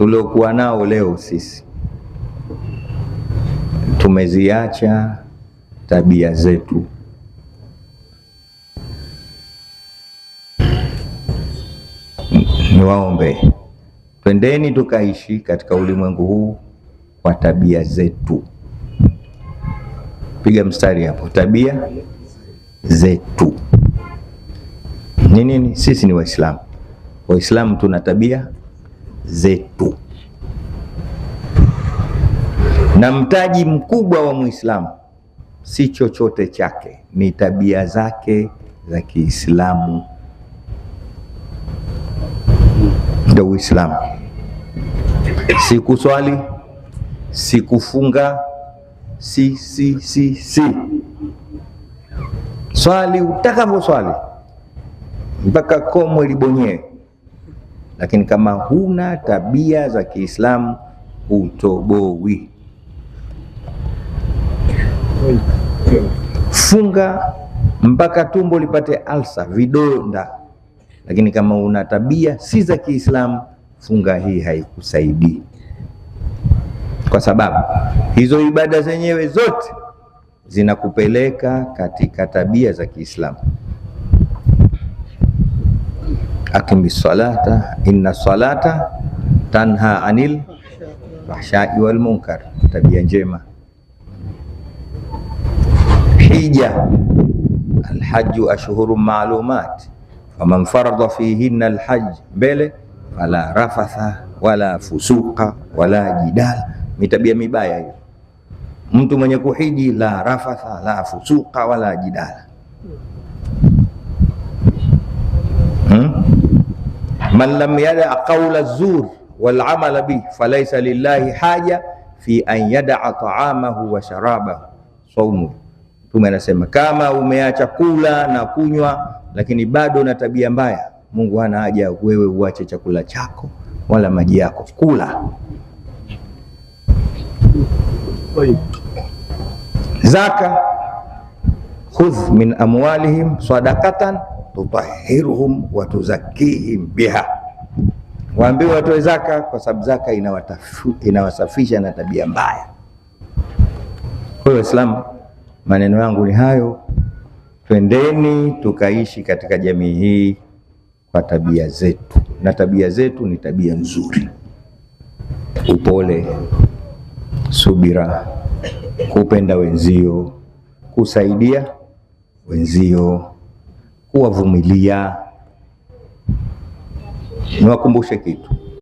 tuliokuwa nao leo sisi tumeziacha tabia zetu Niwaombe, twendeni tukaishi katika ulimwengu huu kwa tabia zetu. Piga mstari hapo, tabia zetu ni nini? Sisi ni Waislamu. Waislamu tuna tabia zetu. Na mtaji mkubwa wa Muislamu si chochote chake, ni tabia zake za Kiislamu. Ndio Uislamu, si kuswali, si kufunga, si si si si swali utakavyo swali mpaka komwe libonyee lakini kama huna tabia za Kiislamu hutobowi. Funga mpaka tumbo lipate alsa, vidonda, lakini kama una tabia si za Kiislamu, funga hii haikusaidii, kwa sababu hizo ibada zenyewe zote zinakupeleka katika tabia za Kiislamu aqimi salata inna salata tanha anil fahshai wal munkar, tabia njema. Hija, alhaju ashhuru maalumat faman farada fihinna alhaj, mbele fala rafatha wala fusuqa wala jidal, ni tabia mibaya hiyo. Mtu mwenye kuhiji la rafatha la fusuqa wala jidala man lam yada qaula zur wal amala bih falaisa lillahi haja fi an yadaa taamahu wa sharabahu saumu. Mtume anasema kama umeacha kula na kunywa, lakini bado na tabia mbaya, Mungu hana haja wewe uache chakula chako wala maji yako, kula zaka, khudh min amwalihim sadaqatan tutahhiruhum wa tuzakihim biha, waambie watoe zaka kwa sababu zaka inawasafisha na tabia mbaya. Kwa Waislamu, maneno yangu ni hayo. Twendeni tukaishi katika jamii hii kwa tabia zetu, na tabia zetu ni tabia nzuri: upole, subira, kupenda wenzio, kusaidia wenzio kuwavumilia. Niwakumbushe kitu